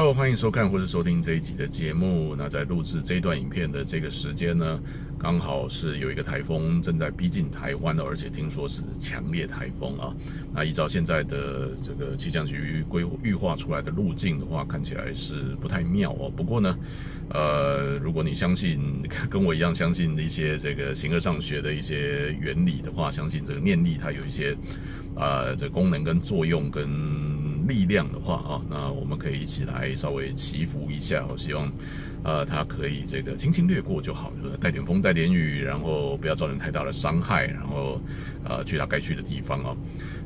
Hello，歡迎收看或是收聽這一集的節目。那在錄製這一段影片的這個時間呢，剛好是有一個颱風正在逼近台灣了，而且聽說是強烈颱風啊。那依照現在的這個氣象局規預劃出來的路徑的話，看起來是不太妙哦。不過呢，呃，如果你相信跟我一樣相信一些這個形而上學的一些原理的話，相信這個念力它有一些啊、呃、這功能跟作用跟。力量的話啊，那我們可以一起來稍微祈福一下，我希望。呃，它可以這個輕輕掠過就好，就是帶點風帶點雨，然後不要造成太大的傷害，然後，呃，去他該去的地方哦。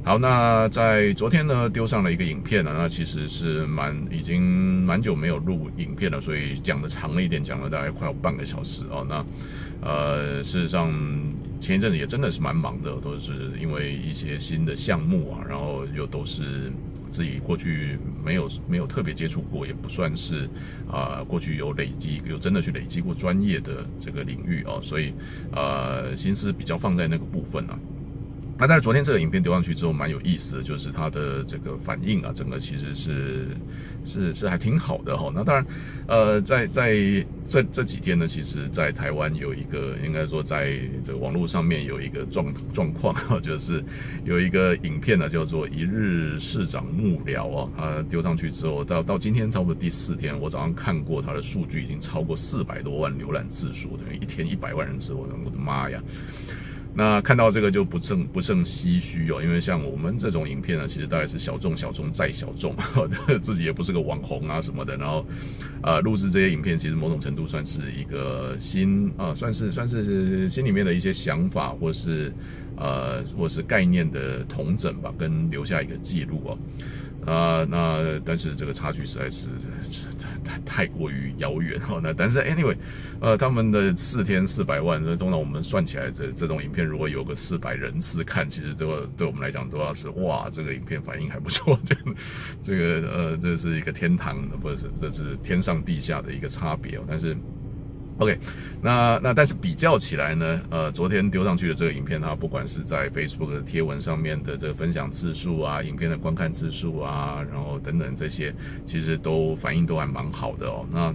好，那在昨天呢丟上了一個影片啊，那其實是蠻已經蠻久沒有錄影片了，所以講的長了一點，講了大概快有半個小時哦。那，呃，事實上前一陣子也真的是蠻忙的，都是因為一些新的項目啊，然後又都是自己過去沒有沒有特別接觸過，也不算是啊，呃，過去有累。以及有真的去累積過專業的這個領域啊，所以，呃，心思比較放在那個部分啊。那、啊、但是昨天這個影片，丟上去之後蠻有意思的，就是它的這個反應啊，整個其實是是是還挺好的哈、哦。那當然，呃，在在，在這這幾天呢，其實在台灣有一個應該說在這個網絡上面有一個狀狀況、啊,就是有一個影片呢、啊、叫做《一日市長幕僚》啊啊、呃，丟上去之後，到到今天差不多第四天，我早上看過他的數據，已經超過四百多萬瀏覽次數，等於一天一百萬人次，我，我的媽呀！那看到這個就不勝不勝唏噓哦，因為像我們這種影片呢，其實大概是小眾小眾再小眾，呵呵自己也不是個網紅啊什麼的，然後、呃，錄制這些影片其實某種程度算是一個心啊、呃，算是算是心裡面的一些想法或是，呃，或是概念的統整吧，跟留下一個記錄哦。啊、呃，那但是這個差距實在是太太過於遙遠哦，那但是 anyway，呃，他們的四天四百萬，那通常我們算起來這，這這種影片，如果有個四百人次看，其實都對我們來講都要是哇，這個影片反應還不錯，這個這個呃這是一個天堂，不是，這是天上地下的一個差別哦。但是。OK，那那但是比較起來呢，呃，昨天丟上去的這個影片啊，不管是在 Facebook 的貼文上面的這個分享次數啊，影片的觀看次數啊，然後等等這些，其實都反應都還蠻好的哦。那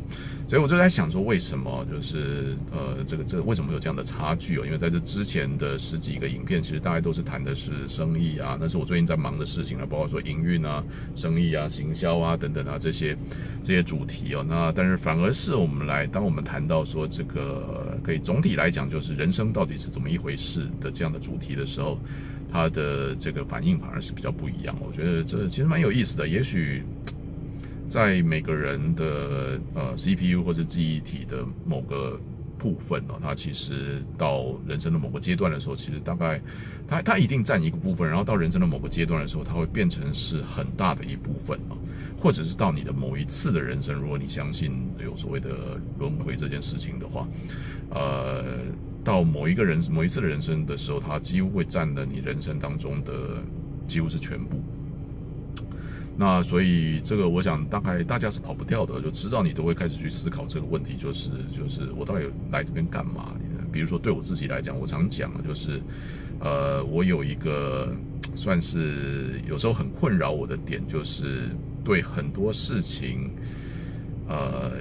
所以我就在想說，為什麼就是呃，這個這個為什麼有這樣的差距哦？因為在這之前的十幾個影片，其實大家都是談的是生意啊，那是我最近在忙的事情了，包括說營運啊、生意啊、行銷啊等等啊這些這些主題哦。那但是反而是我們來，當我們談到說。說這個，可以總體來講，就是人生到底是怎麼一回事的這樣的主題的時候，他的這個反應反而是比較不一樣。我覺得這其實蠻有意思的。也許在每個人的呃 CPU 或者記憶體的某個。部分哦，它其實到人生的某個階段的時候，其實大概它，它一定佔一個部分，然後到人生的某個階段的時候，它會變成是很大的一部分，或者是到你的某一次的人生，如果你相信有所謂的輪迴這件事情的話，呃，到某一個人，某一次的人生的時候，它幾乎會佔了你人生當中的幾乎是全部。那所以這個，我想大概大家是跑不掉的，就遲早你都會開始去思考這個問題，就是就是我到底來這邊幹嘛？比如說對我自己來講，我常講的就是，呃，我有一個算是有時候很困擾我的點，就是對很多事情，呃，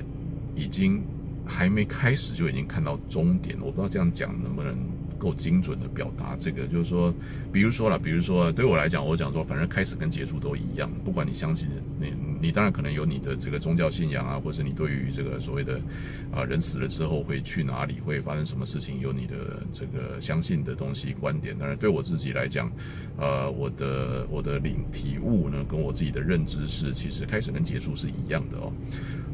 已經還沒開始就已經看到終點，我不知道這樣講能不能。夠精準的表達這個，就是說，比如說了，比如說，對我來講，我講說，反正開始跟結束都一樣，不管你相信，你你當然可能有你的這個宗教信仰啊，或者你對於這個所謂的啊、呃、人死了之後會去哪裡，會發生什麼事情，有你的這個相信的東西觀點。當然，對我自己來講，呃，我的我的領體悟呢，跟我自己的認知是，其實開始跟結束是一樣的哦。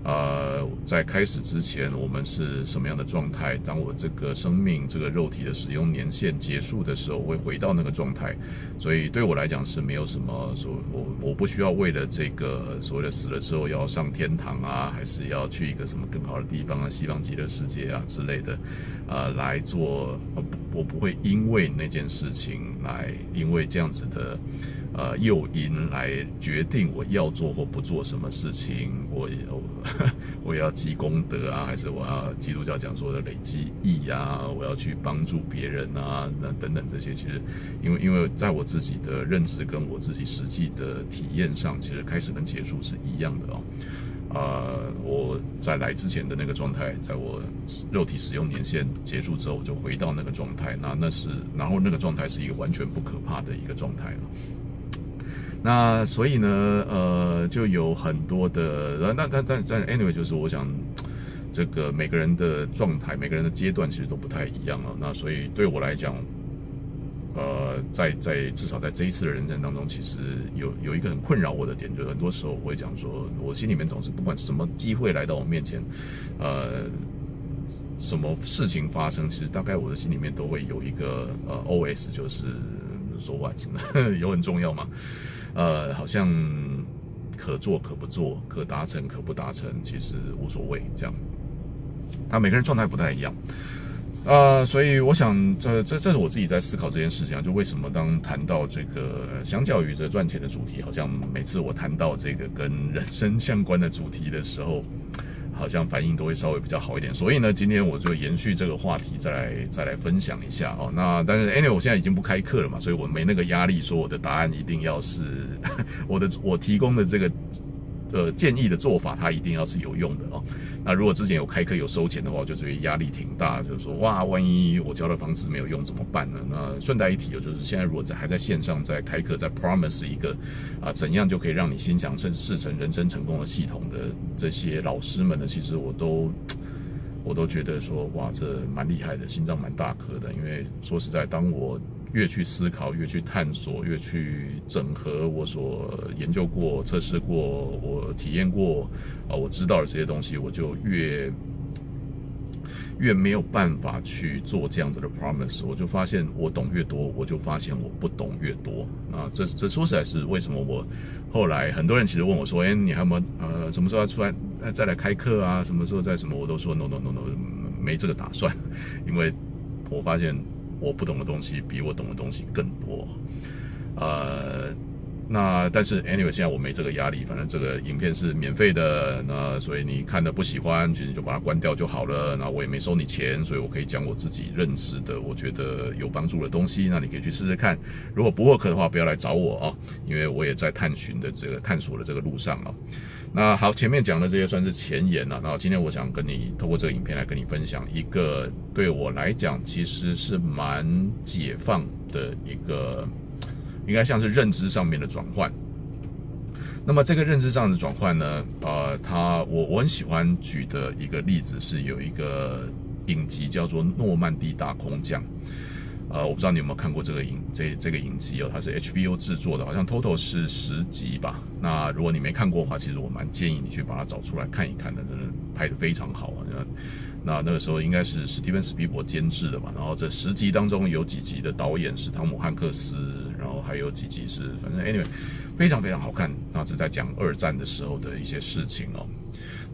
啊、呃，在開始之前，我們是什麼樣的狀態？當我這個生命、這個肉體的使用年限結束的時候，我會回到那個狀態。所以對我來講是沒有什麼所以我我不需要為了這個所謂的死了之後要上天堂啊，還是要去一個什麼更好的地方啊，西方極樂世界啊之類的啊、呃、來做、呃。我不會因為那件事情來，因為這樣子的呃誘因來決定我要做或不做什麼事情。我。我 我也要積功德啊，還是我要基督教講說的累積義啊？我要去幫助別人啊，那等等這些，其實因為因為在我自己的認知跟我自己實際的體驗上，其實開始跟結束是一樣的哦。呃，我在來之前的那個狀態，在我肉體使用年限結束之後，我就回到那個狀態。那那是然後那個狀態是一個完全不可怕的一個狀態了哦。那所以呢，呃，就有很多的，那但但但 anyway，就是我想，這個每個人的狀態，每個人的階段其實都不太一樣了。那所以對我來講，呃，在在至少在這一次的人生當中，其實有有一個很困擾我的點，就是很多時候我會講說，我心裡面總是不管什麼機會來到我面前，呃，什麼事情發生，其實大概我的心裡面都會有一個呃 OS，就是說 So what? 有很重要嗎？呃，好像可做可不做，可達成可不達成，其實無所謂。這樣，他每個人狀態不太一樣啊，呃，所以我想，這這這是我自己在思考這件事情啊，就為什麼當談到這個，相較於這賺錢的主題，好像每次我談到這個跟人生相關的主題的時候。好像反應都會稍微比較好一點，所以呢，今天我就延續這個話題，再來再來分享一下哦。那但是，Anyway，我現在已經不開課了嘛，所以我沒那個壓力，說我的答案一定要是我的我提供的這個呃建議的做法，它一定要是有用的哦。那如果之前有開課有收錢的話，就是壓力挺大，就是說哇，萬一我教的方式沒有用怎麼辦呢？那順帶一提，就是現在如果還在線上在開課，在 Promise 一個啊，怎樣就可以讓你心想甚至事成、人生成功的系統的這些老師們呢？其實我都我都覺得說哇，這蠻厲害的，心臟蠻大顆的，因為說實在，當我。越去思考，越去探索，越去整合我所研究過、測試過、我體驗過啊，我知道的這些東西，我就越越沒有辦法去做這樣子的 promise。我就發現，我懂越多，我就發現我不懂越多啊。這這說實在，是為什麼我後來很多人其實問我說：“哎，你還有沒有呃，什麼時候要出來再來開課啊？什麼時候再什麼？”我都說：“no, no no no no，沒這個打算。”因為我發現。我不懂的東西比我懂的東西更多，呃，那但是 anyway 現在我沒這個壓力，反正這個影片是免費的，那所以你看的不喜歡，其實就把它關掉就好了。那我也沒收你錢，所以我可以講我自己認識的，我覺得有幫助的東西，那你可以去試試看。如果不 work 的話，不要來找我啊，因為我也在探尋的這個探索的這個路上啊。那好，前面講的這些算是前言了啊。那今天我想跟你透過這個影片來跟你分享一個對我來講其實是蠻解放的一個，應該像是認知上面的轉換。那麼這個認知上的轉換呢，呃，它我我很喜歡舉的一個例子是有一個影集叫做《諾曼底大空降》。呃，我不知道你有沒有看過這個影這這個影集哦，它是 HBO 製作的，好像 Total 是十集吧。那如果你沒看過的話，其實我蠻建議你去把它找出來看一看的，真的拍得非常好啊。那那個時候應該是 Steven Spielberg 監製的嘛，然後這十集當中有幾集的導演是湯姆漢克斯，然後還有幾集是反正 Anyway 非常非常好看。那是在講二戰的時候的一些事情哦。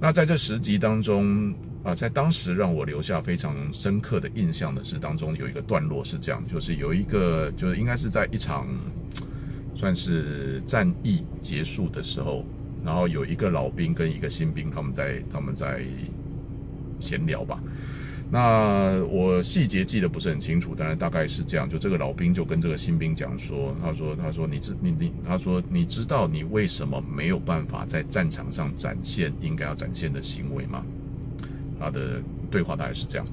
那在這十集當中。啊，在當時讓我留下非常深刻的印象的是，當中有一個段落是這樣，就是有一個就是應該是在一場算是戰役結束的時候，然後有一個老兵跟一個新兵他們在他們在閒聊吧。那我細節記得不是很清楚，但是大概是這樣，就這個老兵就跟這個新兵講說，他說他說你知，你你他說你知道你為什麼沒有辦法在戰場上展現應該要展現的行為嗎？他的對話大概是這樣。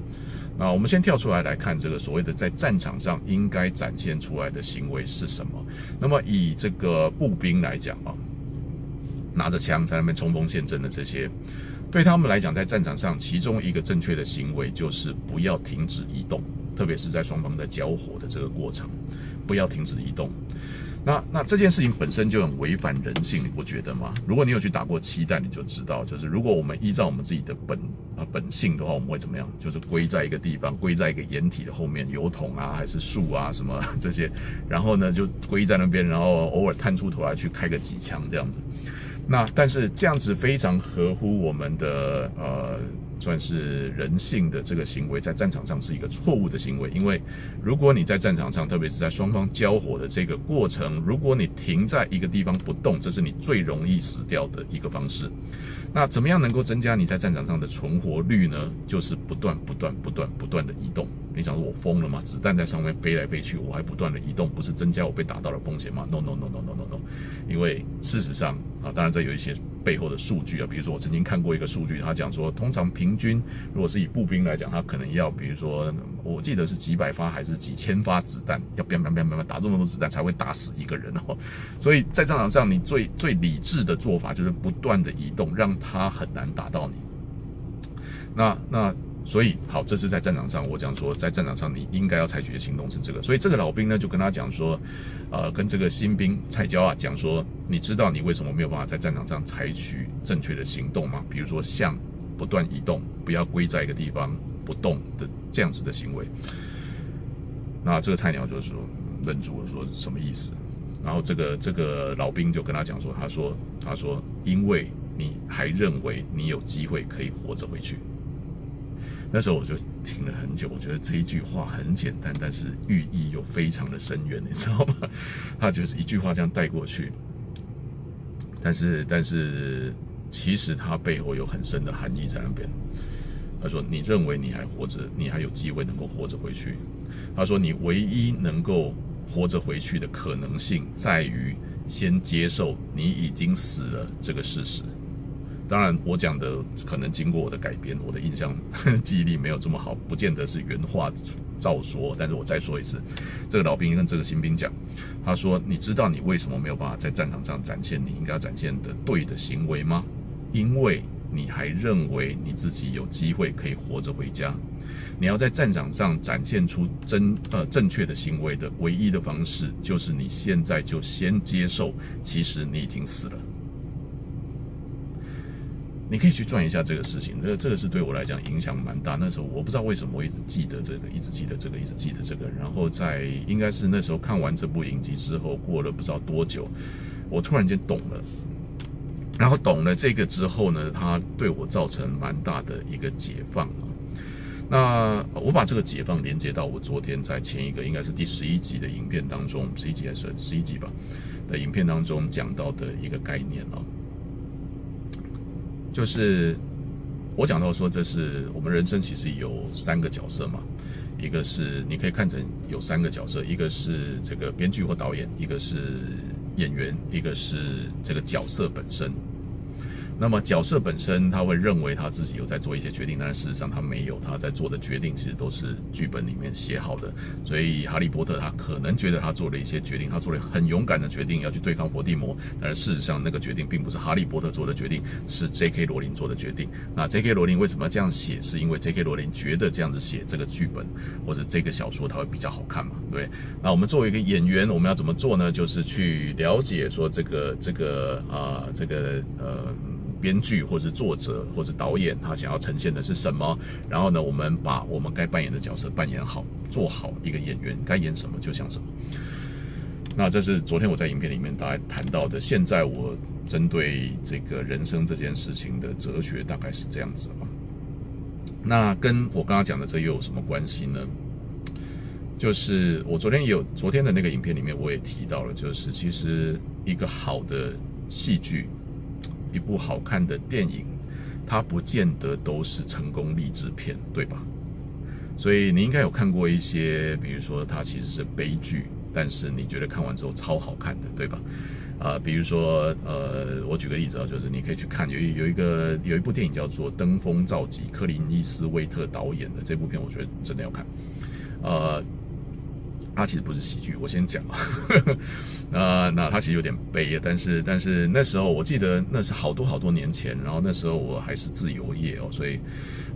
那我們先跳出來來看這個所謂的在戰場上應該展現出來的行為是什麼？那麼以這個步兵來講啊，拿着槍在那邊衝鋒陷陣的這些，對他們來講，在戰場上其中一個正確的行為就是不要停止移動，特別是在雙方在交火的這個過程，不要停止移動。那那這件事情本身就很違反人性，你不覺得嗎？如果你有去打過漆彈，你就知道，就是如果我們依照我們自己的本啊本性的話，我們會怎麼樣？就是龜在一個地方，龜在一個掩體的後面，油桶啊，還是樹啊，什麼這些，然後呢就龜在那邊，然後偶爾探出頭來去開個幾槍這樣子。那但是這樣子非常合乎我們的呃。算是人性的這個行為，在戰場上是一個錯誤的行為，因為如果你在戰場上，特別是在雙方交火的這個過程，如果你停在一個地方不動，這是你最容易死掉的一個方式。那怎麼樣能夠增加你在戰場上的存活率呢？就是不斷、不斷、不斷、不斷的移動。你想說我瘋了嗎？子彈在上面飛來飛去，我還不斷的移動，不是增加我被打到的風險嗎？No，No，No，No，No，No，No。No, no, no, no, no, no, no. 因為事實上啊，當然這有一些背後的數據啊，比如說我曾經看過一個數據，他講說，通常平均如果是以步兵來講，他可能要，比如說，我記得是幾百發還是幾千發子彈，要砰砰砰砰砰打這麼多子彈才會打死一個人哦。所以在戰場上，你最最理智的做法就是不斷的移動，讓他很難打到你。那那所以好，這是在戰場上，我講說，在戰場上你應該要採取的行動是這個。所以這個老兵呢，就跟他講說，呃，跟這個新兵菜鳥啊講說，你知道你為什麼沒有辦法在戰場上採取正確的行動嗎？比如說，像不斷移動，不要龜在一個地方不動的這樣子的行為。那這個菜鳥就是說愣住了，說什麼意思？然後這個這個老兵就跟他講說，他說他說因為。你還認為你有機會可以活着回去？那時候我就聽了很久，我覺得這一句話很簡單，但是寓意又非常的深遠，你知道嗎？他就是一句話這樣帶過去，但是但是其實他背後有很深的含義在那邊。他說：“你認為你還活着，你還有機會能夠活着回去。”他說：“你唯一能夠活着回去的可能性，在於先接受你已經死了這個事實。”當然，我講的可能經過我的改編，我的印象記憶力沒有這麼好，不見得是原話照說。但是我再說一次，這個老兵跟這個新兵講，他說：“你知道你為什麼沒有辦法在戰場上展現你應該展現的對的行為嗎？因為你還認為你自己有機會可以活着回家。你要在戰場上展現出真，呃，正確的行為的唯一的方式，就是你現在就先接受，其實你已經死了。”你可以去轉一下這個事情，這個，這個是對我來講影響蠻大。那時候我不知道為什麼，我一直記得這個，一直記得這個，一直記得這個。然後在應該是那時候看完這部影集之後，過了不知道多久，我突然間懂了。然後懂了這個之後呢，它對我造成蠻大的一個解放啊。那我把這個解放連接到我昨天在前一個應該是第十一集的影片當中，十一集還是十一集吧的影片當中講到的一個概念啊。就是我講到說，這是我們人生其實有三個角色嘛，一個是你可以看成有三個角色，一個是這個編劇或導演，一個是演員，一個是這個角色本身。那麼角色本身他會認為他自己有在做一些決定，但是事實上他沒有，他在做的決定其實都是劇本裡面寫好的。所以哈利波特他可能覺得他做了一些決定，他做了很勇敢的決定要去對抗伏地魔，但是事實上那個決定並不是哈利波特做的決定，是 J.K. 羅琳做的決定。那 J.K. 羅琳為什麼要這樣寫？是因為 J.K. 羅琳覺得這樣子寫這個劇本或者這個小說他會比較好看嘛，對不對？那我們作為一個演員，我們要怎麼做呢？就是去了解說這個這個啊、呃、這個呃。編劇或者是作者或者是導演，他想要呈現的是什麼？然後呢，我們把我們該扮演的角色扮演好，做好一個演員，該演什麼就像什麼。那這是昨天我在影片裡面大家談到的。現在我針對這個人生這件事情的哲學大概是這樣子啊。那跟我剛剛講的這又有什麼關係呢？就是我昨天也有，昨天的那個影片裡面我也提到了，就是其實一個好的戲劇。一部好看的電影，它不見得都是成功勵志片，對吧？所以你應該有看過一些，比如說它其實是悲劇，但是你覺得看完之後超好看的，對吧？啊、呃，比如說，呃，我舉個例子啊，就是你可以去看有有一個有一部電影叫做《登峰造極》，克林·伊斯威特導演的這部片，我覺得真的要看，呃。它其實不是喜劇，我先講 那那它其實有點悲啊，但是但是那時候我記得那是好多好多年前，然後那時候我還是自由業哦，所以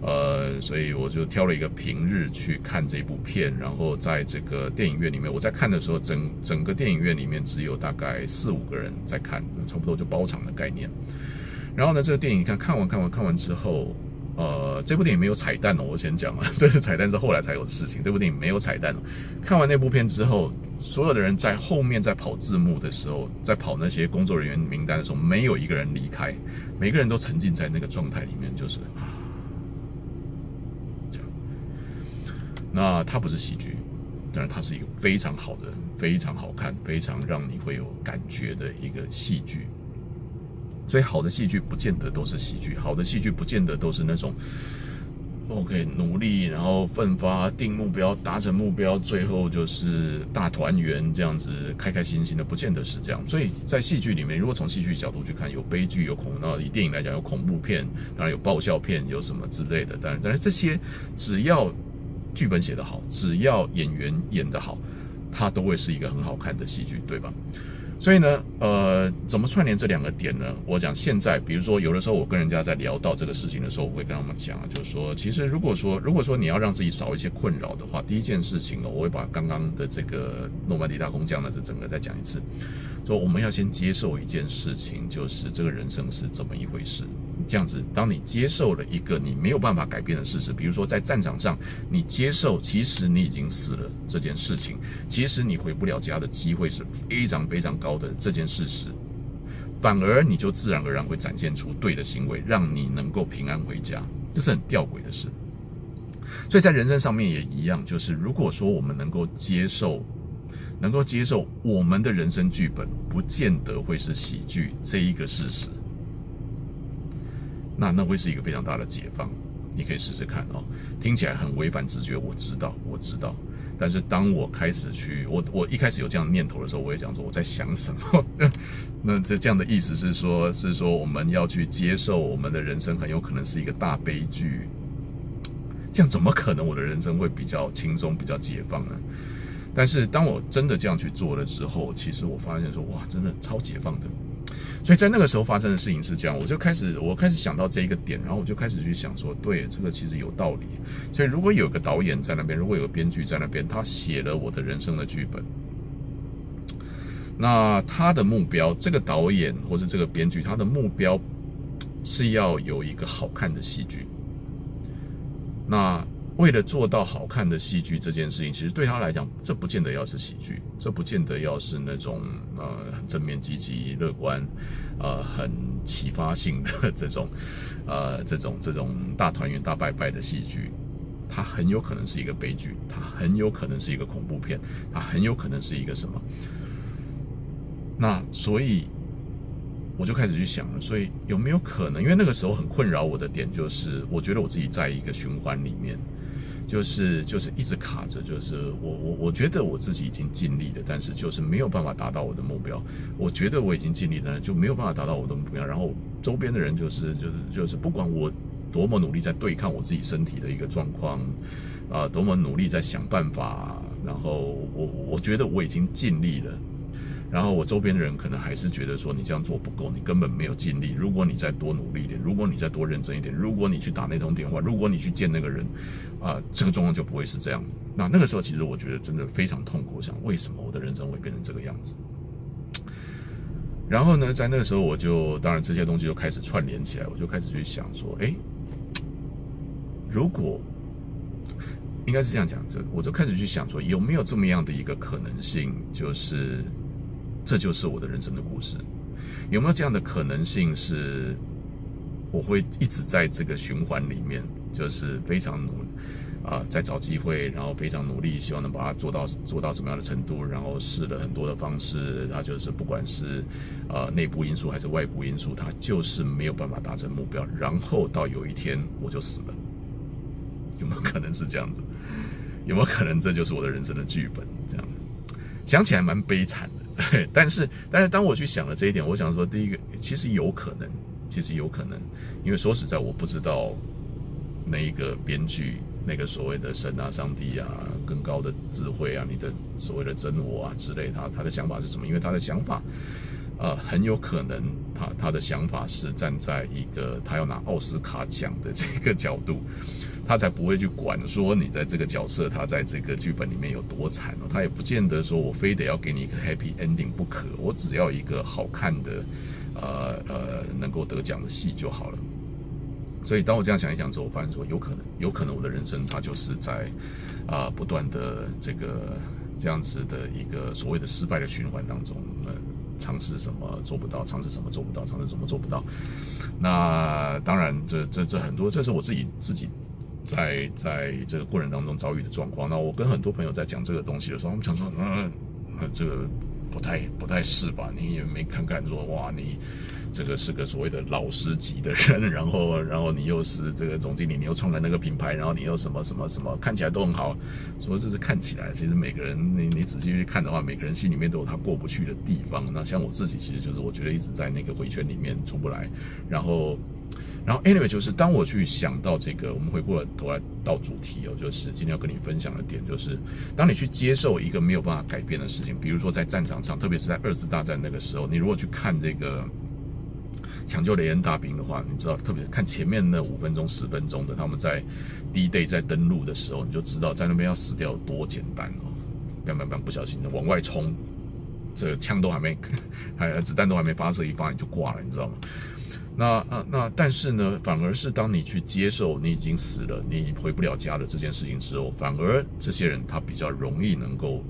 呃所以我就挑了一個平日去看這部片，然後在這個電影院裡面，我在看的時候，整整個電影院裡面只有大概四五個人在看，差不多就包場的概念。然後呢，這個電影看看完看完看完之後。呃，這部電影沒有彩蛋哦，我先講啊，這是彩蛋是後來才有的事情。這部電影沒有彩蛋哦。看完那部片之後，所有的人在後面在跑字幕的時候，在跑那些工作人員名單的時候，沒有一個人離開，每個人都沉浸在那個狀態裡面，就是這樣。那它不是喜劇，但是它是一個非常好的、非常好看、非常讓你會有感覺的一個戲劇。所以，好的戲劇不見得都是喜劇，好的戲劇不見得都是那種 OK 努力，然後奮發定目標，達成目標，最後就是大團圓這樣子，開開心心的，不見得是這樣。所以在戲劇裡面，如果從戲劇角度去看，有悲劇，有恐怖，以電影來講，有恐怖片，當然有爆笑片，有什麼之類的。當然，但是這些只要劇本寫得好，只要演員演得好，它都會是一個很好看的戲劇，對吧？所以呢，呃，怎麼串聯這兩個點呢？我講現在，比如說有的時候我跟人家在聊到這個事情的時候，我會跟他們講，就是說，其實如果說，如果說你要讓自己少一些困擾的話，第一件事情呢，我會把剛剛的這個諾曼底大工匠呢，這整個再講一次，說我們要先接受一件事情，就是這個人生是怎麼一回事。這樣子，當你接受了一個你沒有辦法改變的事實，比如說在戰場上，你接受其實你已經死了這件事情，其實你回不了家的機會是非常非常高的這件事實，反而你就自然而然會展現出對的行為，讓你能夠平安回家，這是很吊詭的事。所以在人生上面也一樣，就是如果說我們能夠接受，能夠接受我們的人生劇本，不見得會是喜劇這一個事實。那那會是一個非常大的解放，你可以試試看哦。聽起來很違反直覺，我知道，我知道。但是當我開始去，我我一開始有這樣念頭的時候，我也講說我在想什麼。 那這這樣的意思是說，是說我們要去接受我們的人生很有可能是一個大悲劇。這樣怎麼可能我的人生會比較輕鬆、比較解放呢？但是當我真的這樣去做的時候，其實我發現說，哇，真的超解放的。所以在那個時候發生的事情是這樣，我就開始我開始想到這一個點，然後我就開始去想說，對，這個其實有道理。所以如果有個導演在那邊，如果有個編劇在那邊，他寫了我的人生的劇本，那他的目標，這個導演或是這個編劇，他的目標是要有一個好看的戲劇。那。為了做到好看的戲劇這件事情，其實對他來講，這不見得要是喜劇，這不見得要是那種呃正面積極樂觀，呃很啟發性的這種呃這種這種大團圓大拜拜的戲劇，它很有可能是一個悲劇，它很有可能是一個恐怖片，它很有可能是一個什麼？那所以我就開始去想了，所以有沒有可能？因為那個時候很困擾我的點就是，我覺得我自己在一個循環裡面。就是就是一直卡着，就是我我我覺得我自己已經盡力了，但是就是沒有辦法達到我的目標。我覺得我已經盡力了，就沒有辦法達到我的目標。然後周邊的人就是就是就是不管我多麼努力在對抗我自己身體的一個狀況，啊、呃，多麼努力在想辦法，然後我我覺得我已經盡力了。然後我周邊的人可能還是覺得說，你這樣做不夠，你根本沒有盡力。如果你再多努力一點，如果你再多認真一點，如果你去打那通電話，如果你去見那個人，啊、呃，這個狀況就不會是這樣。那那個時候，其實我覺得真的非常痛苦。想為什麼我的人生會變成這個樣子？然後呢，在那個時候，我就當然這些東西就開始串聯起來，我就開始去想說，誒，如果應該是這樣講，這我就開始去想說，有沒有這麼樣的一個可能性，就是。這就是我的人生的故事，有沒有這樣的可能性？是，我會一直在這個循環裡面，就是非常努力，啊、呃，在找機會，然後非常努力，希望能把它做到做到什麼樣的程度，然後試了很多的方式，它就是不管是啊、呃，內部因素還是外部因素，它就是沒有辦法達成目標，然後到有一天我就死了，有沒有可能是這樣子？有沒有可能這就是我的人生的劇本？這樣想起來蠻悲慘的。 但是，但是當我去想了這一點，我想說，第一個，其實有可能，其實有可能，因為說實在，我不知道，那一個編劇，那個所謂的神啊、上帝啊、更高的智慧啊、你的所謂的真我啊之類的，他他的想法是什麼？因為他的想法。呃，很有可能他他的想法是站在一個他要拿奧斯卡獎的這個角度，他才不會去管說你在這個角色他在這個劇本裡面有多慘哦，他也不見得說我非得要給你一個 happy ending 不可，我只要一個好看的，呃呃能夠得獎的戲就好了。所以當我這樣想一想之後，我發現說有可能，有可能我的人生他就是在啊、呃、不斷的這個這樣子的一個所謂的失敗的循環當中、呃。嘗試什麼做不到，嘗試什麼做不到，嘗試什麼做不到。那當然這，這這這很多，這是我自己自己在在這個過程當中遭遇的狀況。那我跟很多朋友在講這個東西的時候，他們講說嗯，嗯，這個不太不太是吧？你也沒看看說，哇，你。這個是個所謂的老師級的人，然後，然後你又是這個總經理，你又創了那個品牌，然後你又什麼什麼什麼，看起來都很好。說這是看起來，其實每個人你你仔細去看的話，每個人心裡面都有他過不去的地方。那像我自己，其實就是我覺得一直在那個迴圈裡面出不來。然後，然後 anyway，就是當我去想到這個，我們回過頭來到主題哦，我就是今天要跟你分享的點，就是當你去接受一個沒有辦法改變的事情，比如說在戰場上，特別是在二次大戰那個時候，你如果去看這個。搶救雷恩大兵的話，你知道，特別看前面那五分鐘、十分鐘的，他們在 D-Day 在登陸的時候，你就知道在那邊要死掉有多簡單哦。別別不小心就往外衝，這個、槍都還沒，還子彈都還沒發射一發你就掛了，你知道嗎？那啊那，但是呢，反而是當你去接受你已經死了，你回不了家了這件事情之後，反而這些人他比較容易能夠。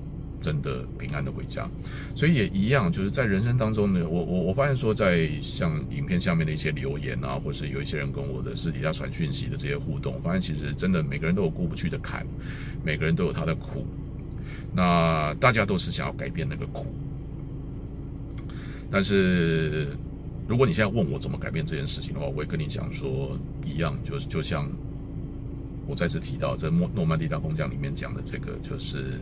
真的平安的回家。所以也一樣，就是在人生當中呢，我我我發現說，在像影片下面的一些留言啊，或是有一些人跟我的私底下傳訊息的這些互動，發現其實真的每個人都有過不去的坎，每個人都有他的苦，那大家都是想要改變那個苦，但是如果你現在問我怎麼改變這件事情的話，我會跟你講說，一樣，就是就像我再次提到在《諾諾曼底大空降》裡面講的這個，就是。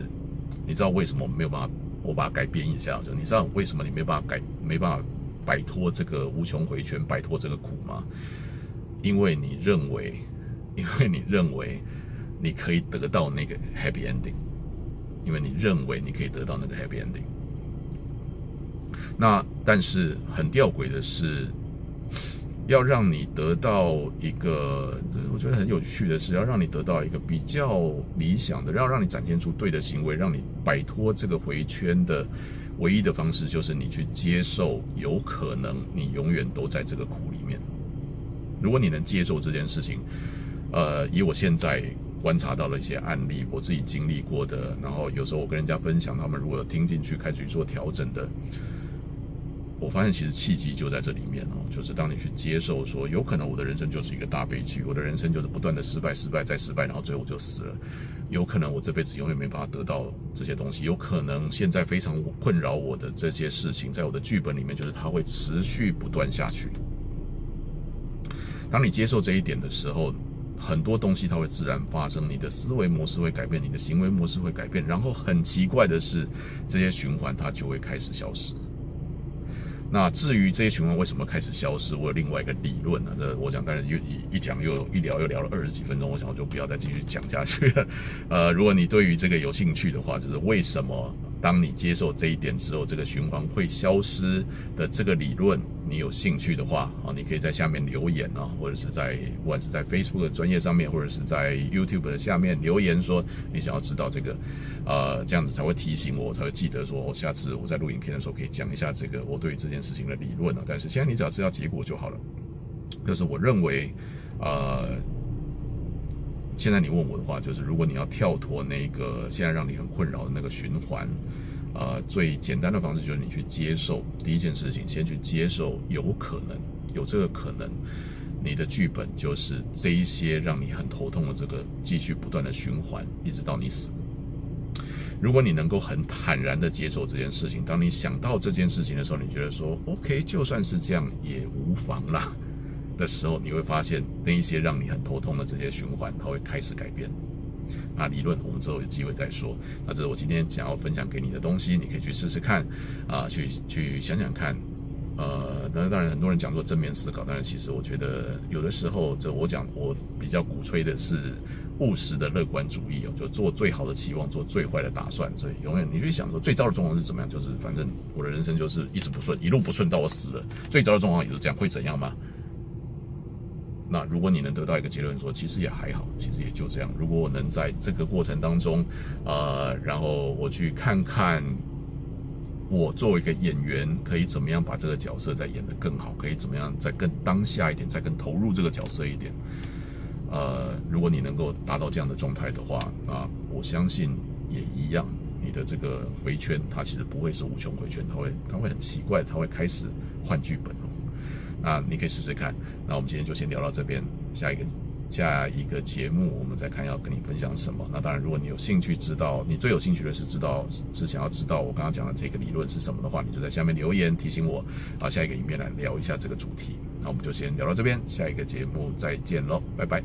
你知道為什麼我沒有辦法？我把它改編一下，就你知道為什麼你沒辦法改、沒辦法擺脫這個無窮迴圈、擺脫這個苦嗎？因為你認為，因為你認為你可以得到那個 happy ending，因為你認為你可以得到那個 happy ending。那但是很弔詭的是。要讓你得到一個，我覺得很有趣的是，要讓你得到一個比較理想的，要讓你展現出對的行為，讓你擺脫這個回圈的唯一的方式，就是你去接受，有可能你永遠都在這個苦裡面。如果你能接受這件事情，呃，以我現在觀察到的一些案例，我自己經歷過的，然後有時候我跟人家分享，他們如果聽進去，開始做調整的。我發現其實契機就在這裡面哦，就是當你去接受說，有可能我的人生就是一個大悲劇，我的人生就是不斷的失敗、失敗再失敗，然後最後我就死了，有可能我這輩子永遠沒辦法得到這些東西，有可能現在非常困擾我的這些事情，在我的劇本裡面就是它會持續不斷下去。當你接受這一點的時候，很多東西它會自然發生，你的思維模式會改變，你的行為模式會改變，然後很奇怪的是，這些循環它就會開始消失。那至於這些情況為什麼開始消失，我有另外一個理論呢、啊。這我想當然又一講又一聊又聊了二十幾分鐘，我想我就不要再繼續講下去了。呃，如果你對於這個有興趣的話，就是為什麼？當你接受這一點之後，這個循環會消失的這個理論，你有興趣的話啊，你可以在下面留言啊，或者是在不管是在 Facebook 的專頁上面，或者是在 YouTube 的下面留言說你想要知道這個，啊、呃，這樣子才會提醒我，才會記得說我下次我在錄影片的時候可以講一下這個我對這件事情的理論啊。但是現在你只要知道結果就好了。就是我認為，啊、呃……現在你問我的話，就是如果你要跳脫那個現在讓你很困擾的那個循環，啊，最簡單的方式就是你去接受第一件事情，先去接受有可能有這個可能，你的劇本就是這一些讓你很頭痛的這個繼續不斷的循環，一直到你死。如果你能夠很坦然的接受這件事情，當你想到這件事情的時候，你覺得說 OK，就算是這樣也無妨啦。的時候，你會發現那一些讓你很頭痛的這些循環，它會開始改變。那理論我們之後有機會再說。那這是我今天想要分享給你的東西，你可以去試試看，啊，去去想想看。呃，當然，很多人講做正面思考，但是其實我覺得有的時候，這我講我比較鼓吹的是務實的樂觀主義哦，就做最好的期望，做最壞的打算，所以永遠你去想說最糟的狀況是怎麼樣，就是反正我的人生就是一直不順，一路不順到我死了。最糟的狀況也是這樣，會怎樣嗎？那如果你能得到一個結論說，說其實也還好，其實也就這樣。如果我能在這個過程當中，呃，然後我去看看我作為一個演員可以怎麼樣把這個角色再演得更好，可以怎麼樣再更當下一點，再更投入這個角色一點。呃，如果你能夠達到這樣的狀態的話，啊，我相信也一樣，你的這個迴圈它其實不會是無窮迴圈，它會它會很奇怪，它會開始換劇本了。啊，你可以試試看。那我們今天就先聊到這邊，下一個下一個節目我們再看要跟你分享什麼。那當然，如果你有興趣知道，你最有興趣的是知道是，是想要知道我剛剛講的這個理論是什麼的話，你就在下面留言提醒我。啊，下一個影片來聊一下這個主題。那我們就先聊到這邊，下一個節目再見嘍，拜拜。